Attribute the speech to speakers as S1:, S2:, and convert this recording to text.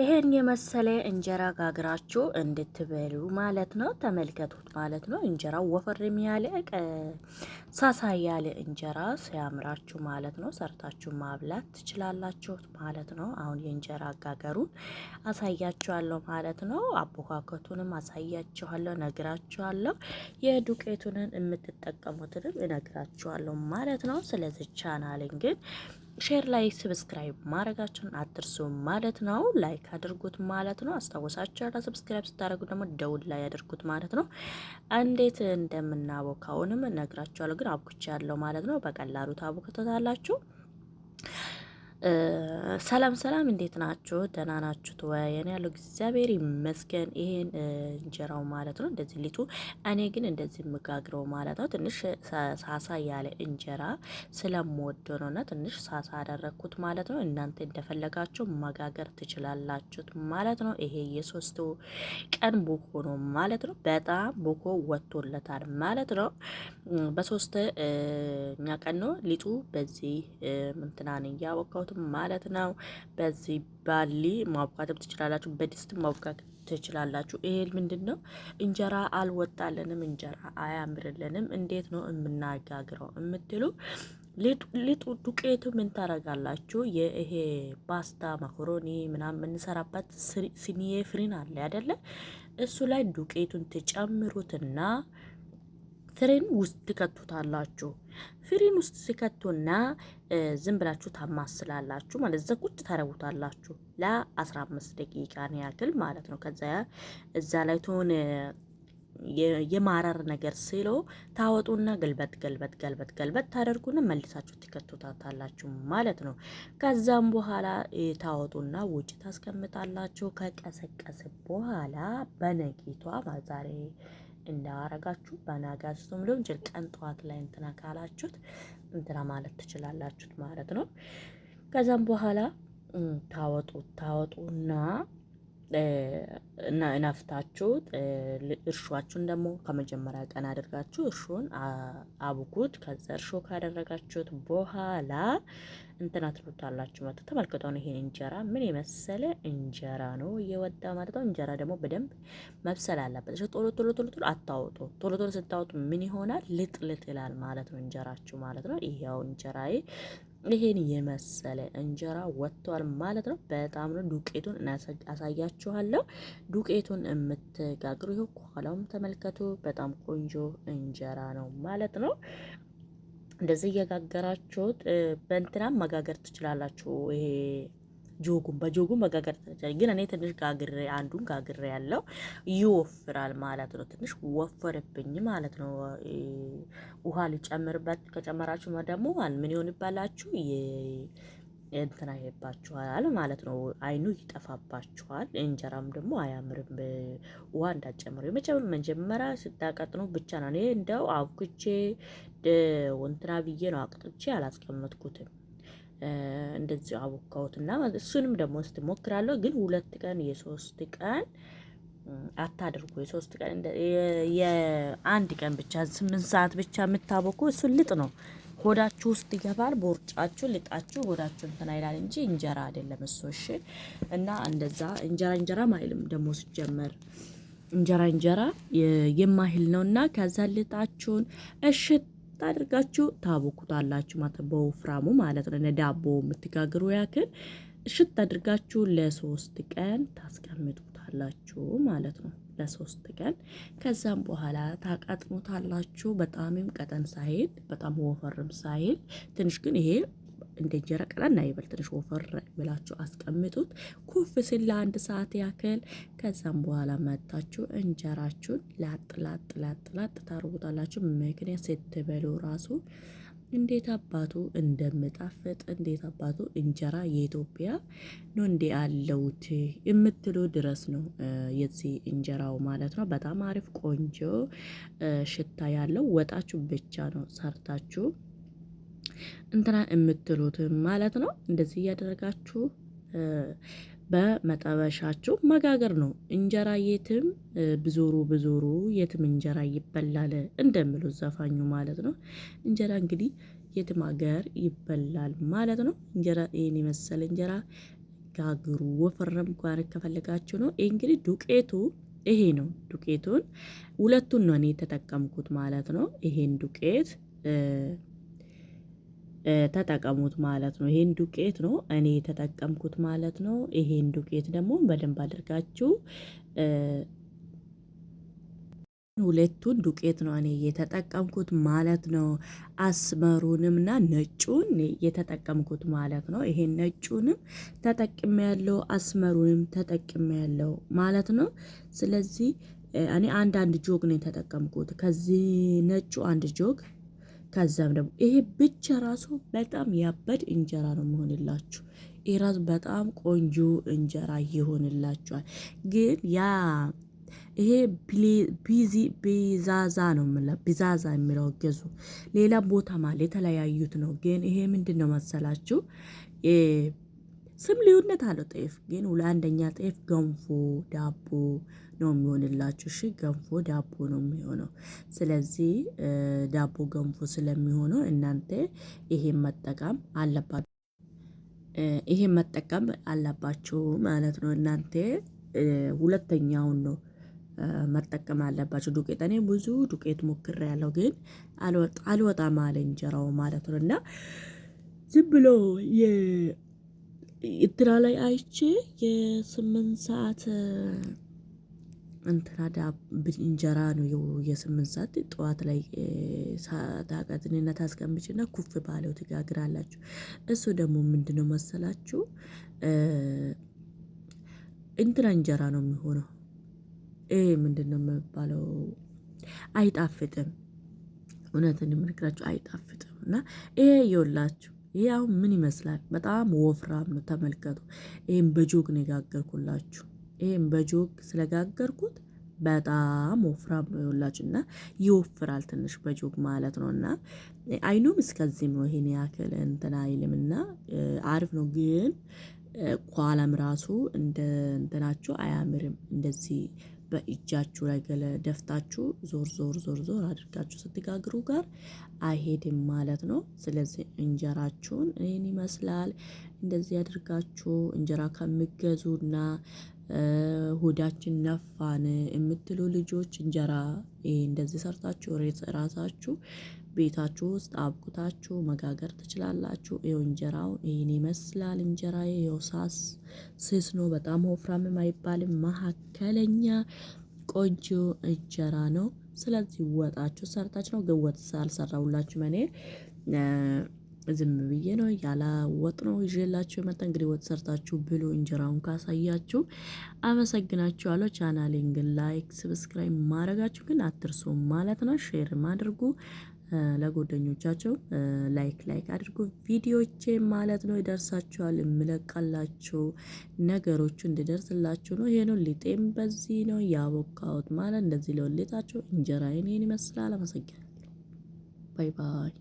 S1: ይሄን የመሰለ እንጀራ ጋግራችሁ እንድትበሉ ማለት ነው። ተመልከቱት ማለት ነው። እንጀራ ወፈር ያለ ሳሳ ያለ እንጀራ ሲያምራችሁ ማለት ነው። ሰርታችሁ ማብላት ትችላላችሁ ማለት ነው። አሁን የእንጀራ ጋገሩን አሳያችኋለሁ ማለት ነው። አቦካከቱንም አሳያችኋለሁ፣ ነግራችኋለሁ። የዱቄቱንን የምትጠቀሙትንም እነግራችኋለሁ ማለት ነው። ስለዚህ ቻናልን ግን ሼር ላይ ሰብስክራይብ ማድረጋችሁን አትርሱ ማለት ነው። ላይክ አድርጉት ማለት ነው። አስታወሳችሁ ያለ ሰብስክራይብ ስታደርጉ ደግሞ ደውል ላይ አድርጉት ማለት ነው። እንዴት እንደምናቦካውንም ነግራችኋለሁ፣ ግን አብኩቻ ያለው ማለት ነው። በቀላሉ ታቦክተታላችሁ። ሰላም ሰላም፣ እንዴት ናችሁ? ደህና ናችሁ? ተወያየን ያለው እግዚአብሔር ይመስገን። ይሄን እንጀራው ማለት ነው እንደዚህ ሊጡ፣ እኔ ግን እንደዚህ የምጋግረው ማለት ነው። ትንሽ ሳሳ ያለ እንጀራ ስለምወደው እና ትንሽ ሳሳ አደረኩት ማለት ነው። እናንተ እንደፈለጋችሁ መጋገር ትችላላችሁት ማለት ነው። ይሄ የሶስት ቀን ቦኮ ነው ማለት ነው። በጣም ቦኮ ወጥቶለታል ማለት ነው። በሶስተኛ ቀን ነው ሊጡ በዚህ ምንትናን እያወቃው የሰራሁትም ማለት ነው። በዚህ ባሊ ማቡካትም ትችላላችሁ፣ በድስት ማቡካት ትችላላችሁ። ይሄ ምንድን ነው? እንጀራ አልወጣልንም፣ እንጀራ አያምርልንም፣ እንዴት ነው የምናጋግረው የምትሉ ሊጡ ዱቄቱ ምን ታረጋላችሁ? ይሄ ፓስታ ማኮሮኒ ምናምን የምንሰራበት ሲኒዬ ፍሪን አለ አይደለ? እሱ ላይ ዱቄቱን ትጨምሩትና ፍሬን ውስጥ ትከቱታላችሁ። ፍሬን ውስጥ ሲከቱና ዝም ብላችሁ ታማስላላችሁ ማለት እዛ ቁጭ ታረጉታላችሁ ለ15 ደቂቃ ነው ያክል ማለት ነው። ከዛ እዛ ላይ ትሆን የማረር ነገር ስለው ታወጡና ገልበት ገልበት ገልበት ገልበት ታደርጉና መልሳችሁ ትከቱታታላችሁ ማለት ነው። ከዛም በኋላ ታወጡና ውጭ ታስቀምጣላችሁ። ከቀሰቀስ በኋላ በነቂቷ ማዛሬ እንዳረጋችሁ በናጋስቱም ሊሆን ይችላል። ቀን ጠዋት ላይ እንትና ካላችሁት እንትና ማለት ትችላላችሁት ማለት ነው። ከዛም በኋላ ታወጡ ታወጡና ነፍታችሁት እርሾችሁን ደግሞ ከመጀመሪያ ቀን አድርጋችሁ እርሾን አብጉት። ከዛ እርሾ ካደረጋችሁት በኋላ እንትን አትሉታላችሁ ማለት ነው። ተመልከቱ፣ ይሄን እንጀራ ምን የመሰለ እንጀራ ነው እየወጣ ማለት ነው። እንጀራ ደግሞ በደንብ መብሰል አለበት። እሺ፣ ቶሎ ቶሎ ቶሎ ቶሎ አታወጡ። ቶሎ ቶሎ ስታወጡ ምን ይሆናል? ልጥ ልጥ ይላል ማለት ነው እንጀራችሁ ማለት ነው። ይሄው እንጀራዬ ይሄን የመሰለ እንጀራ ወጥቷል ማለት ነው። በጣም ነው ዱቄቱን አሳያችኋለሁ። ዱቄቱን የምትጋግሩ ይኸው ከኋላውም ተመልከቱ። በጣም ቆንጆ እንጀራ ነው ማለት ነው። እንደዚህ እየጋገራችሁት በእንትናም መጋገር ትችላላችሁ ይሄ ጆጉን በጆጉን መጋገር ትችላለች። ግን እኔ ትንሽ ጋግሬ አንዱን ጋግሬ ያለው ይወፍራል ማለት ነው። ትንሽ ወፈርብኝ ማለት ነው። ውሃ ሊጨምርበት ከጨመራችሁ ደግሞ ምን ይሆንባላችሁ እንትና ይባችኋል ማለት ነው። አይኑ ይጠፋባችኋል። እንጀራም ደግሞ አያምርም። ውሃ እንዳጨምሩ መጀመሪያ ስታቀጥኑ ብቻ ነው። እኔ እንደው አብኩቼ ወንትና ብዬ ነው አቅጥቼ አላስቀመጥኩትም። እንደዚሁ አቦካሁት አቦካሁትና እሱንም ደግሞ እስቲ ሞክራለሁ። ግን ሁለት ቀን የሶስት ቀን አታድርጉ። የሶስት ቀን የአንድ ቀን ብቻ ስምንት ሰዓት ብቻ የምታቦኩ እሱ ልጥ ነው ሆዳችሁ ውስጥ ይገባል። ቦርጫችሁ ልጣችሁ ሆዳችሁ እንትና ይላል እንጂ እንጀራ አይደለም እሱ። እሺ። እና እንደዛ እንጀራ እንጀራ ማይልም ደግሞ ስጀመር እንጀራ እንጀራ የማይል ነው እና ከዛ ልጣችሁን እሽት አድርጋችሁ ታቦኩታላችሁ ማለት በወፍራሙ ማለት ነው። ዳቦ የምትጋግሩ ያክል እሽት አድርጋችሁ ለሶስት ቀን ታስቀምጡታላችሁ ማለት ነው። ለሶስት ቀን ከዛም በኋላ ታቃጥሙታላችሁ። በጣምም ቀጠን ሳይል በጣም ወፈርም ሳይል ትንሽ ግን ይሄ እንደ እንጀራ እና ይበል ትንሽ ወፈር ብላችሁ አስቀምጡት። ኩፍ ሲል ለአንድ ሰዓት ያክል። ከዛም በኋላ መታችሁ እንጀራችሁን ላጥ ላጥ ላጥ ላጥ ታርጉታላችሁ። ምክንያት ስትበሉ ራሱ እንዴት አባቱ እንደምጣፍጥ እንዴት አባቱ እንጀራ የኢትዮጵያ ነው እንዴ አለውት የምትሉ ድረስ ነው የዚህ እንጀራው ማለት ነው። በጣም አሪፍ ቆንጆ ሽታ ያለው ወጣችሁ ብቻ ነው ሰርታችሁ እንትና የምትሉት ማለት ነው። እንደዚህ እያደረጋችሁ በመጠበሻችሁ መጋገር ነው። እንጀራ የትም ብዞሩ ብዞሩ የትም እንጀራ ይበላል እንደሚሉት ዘፋኙ ማለት ነው። እንጀራ እንግዲህ የትም ሀገር ይበላል ማለት ነው። እንጀራ ይህን የመሰለ እንጀራ ጋግሩ። ወፈረም እንኳን ከፈለጋችሁ ነው። ይህ እንግዲህ ዱቄቱ ይሄ ነው። ዱቄቱን ሁለቱን ነው እኔ የተጠቀምኩት ማለት ነው። ይሄን ዱቄት ተጠቀሙት ማለት ነው። ይሄን ዱቄት ነው እኔ የተጠቀምኩት ማለት ነው። ይሄን ዱቄት ደግሞ በደንብ አድርጋችሁ ሁለቱን ዱቄት ነው እኔ የተጠቀምኩት ማለት ነው። አስመሩንም እና ነጩን የተጠቀምኩት ማለት ነው። ይሄን ነጩንም ተጠቅሜ ያለው አስመሩንም ተጠቅሜ ያለው ማለት ነው። ስለዚህ እኔ አንድ አንድ ጆግ ነው የተጠቀምኩት ከዚህ ነጩ አንድ ጆግ ከዛም ደግሞ ይሄ ብቻ ራሱ በጣም ያበድ እንጀራ ነው መሆንላችሁ። ይሄ ራሱ በጣም ቆንጆ እንጀራ ይሆንላችኋል። ግን ያ ይሄ ቢዚ ቢዛዛ ነው ምላ ቢዛዛ የሚለው ገዙ ሌላ ቦታ ማለት የተለያዩት ነው። ግን ይሄ ምንድን ነው መሰላችሁ ስም ልዩነት አለው። ጤፍ ግን ለአንደኛ ጤፍ ገንፎ ዳቦ ነው የሚሆንላችሁ። እሺ ገንፎ ዳቦ ነው የሚሆነው። ስለዚህ ዳቦ ገንፎ ስለሚሆነው እናንተ ይሄን መጠቀም አለባችሁ። ይሄን መጠቀም አለባችሁ ማለት ነው። እናንተ ሁለተኛውን ነው መጠቀም አለባቸው። ዱቄት እኔ ብዙ ዱቄት ሞክሬ ያለው ግን አልወጣም አለ እንጀራው ማለት ነው እና ዝም ብሎ እንትና ላይ አይቼ የስምንት ሰዓት እንትና እንጀራ ነው የስምንት ሰዓት ጠዋት ላይ ታቃትንና ታስቀምጭና ኩፍ ባለው ትጋግራላችሁ። እሱ ደግሞ ምንድነው መሰላችሁ እንትና እንጀራ ነው የሚሆነው። ይህ ምንድነው የሚባለው? አይጣፍጥም። እውነትን የምነግራችሁ አይጣፍጥም። እና ይሄ የወላችሁ ይህ አሁን ምን ይመስላል? በጣም ወፍራም ነው። ተመልከቱ። ይህም በጆግ ነው የጋገርኩላችሁ። ይህም በጆግ ስለጋገርኩት በጣም ወፍራም ነው የወላችሁ እና ይወፍራል ትንሽ በጆግ ማለት ነው። እና አይኑም እስከዚህም ነው። ይሄን ያክል እንትን አይልም እና አሪፍ ነው ግን ከኋላም ራሱ እንደ እንትናችሁ አያምርም እንደዚህ በእጃችሁ ላይ ገለ ደፍታችሁ ዞር ዞር ዞር ዞር አድርጋችሁ ስትጋግሩ ጋር አይሄድም ማለት ነው። ስለዚህ እንጀራችሁን ይህን ይመስላል። እንደዚህ አድርጋችሁ እንጀራ ከምገዙና ሆዳችን ነፋን የምትሉ ልጆች እንጀራ እንደዚህ ሰርታችሁ ሬት ራሳችሁ ቤታችሁ ውስጥ አብኩታችሁ መጋገር ትችላላችሁ። ይኸው እንጀራው ይህን ይመስላል። እንጀራ የውሳስ ስስ ነው፣ በጣም ወፍራምም አይባልም፣ መካከለኛ ቆንጆ እንጀራ ነው። ስለዚህ ወጣችሁ ሰርታችሁ ነው። ግን ወጥ አልሰራሁላችሁም እኔ ዝም ብዬ ነው ያለ ወጥ ነው ይዤላችሁ የመጣ። እንግዲህ ወጥ ሰርታችሁ ብሎ እንጀራውን ካሳያችሁ አመሰግናችኋለሁ። ቻናሌን ግን ላይክ፣ ሰብስክራይብ ማድረጋችሁ ግን አትርሱ ማለት ነው። ሼርም አድርጉ። ለጎደኞቻቸው ላይክ ላይክ አድርጉ ቪዲዮቼ ማለት ነው። ይደርሳችኋል የምለቃላችሁ ነገሮቹ እንድደርስላችሁ ነው። ይሄ ነው ሊጤም በዚህ ነው ያቦካሁት ማለት እንደዚህ ለወሌታቸው እንጀራዬን ይህን ይመስላል። አመሰግናለሁ። ባይ ባይ